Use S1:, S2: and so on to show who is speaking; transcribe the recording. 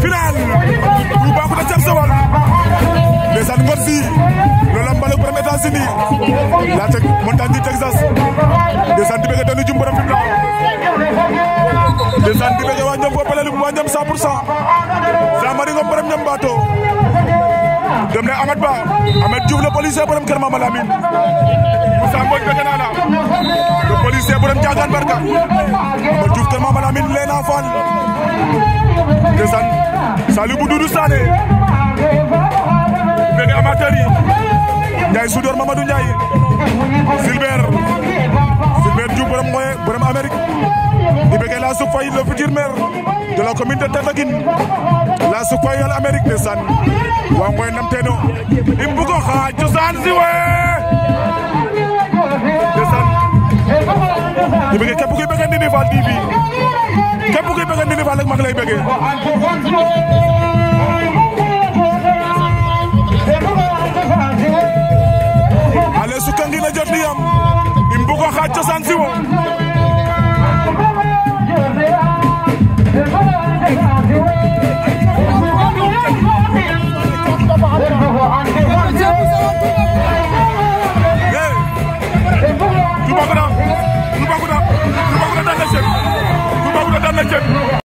S1: final Toubacouta Thiam Sewal ndeysaan Desa si loolu am mbalak borom États-Unis laa montagne du Texas Desa di bëgg doon jum borom Fimela ndeysaan di bëgg waa ñoom foppalelu waa ñoom 100 pour Ngom borom ñoom Bato dem na Amad Ba Amad Diouf le policier borom Kër Mama Lamine Moussa Mbodj bëgg le policier borom Barka Amad Salibou Doudou Sané bëgg amateur yi Ndiaye Soudor Mamadou Ndiaye Silbert Silbert Diouf borom moyen borom Amérique di bëgg la Souk Faye le futur maire de la commune de Tafaguine la Souk Faye wal Amérique ndeysaan waa moyen nam teeno i mbugo xa cosaan si we di bëgg képp kuy bëgg Ndindy Fall TV képp kuy bëgg Ndindy Fall rek maa ngi lay bëggee. ale sukkangi na jot li am im bu ko xaaj cosaan si wo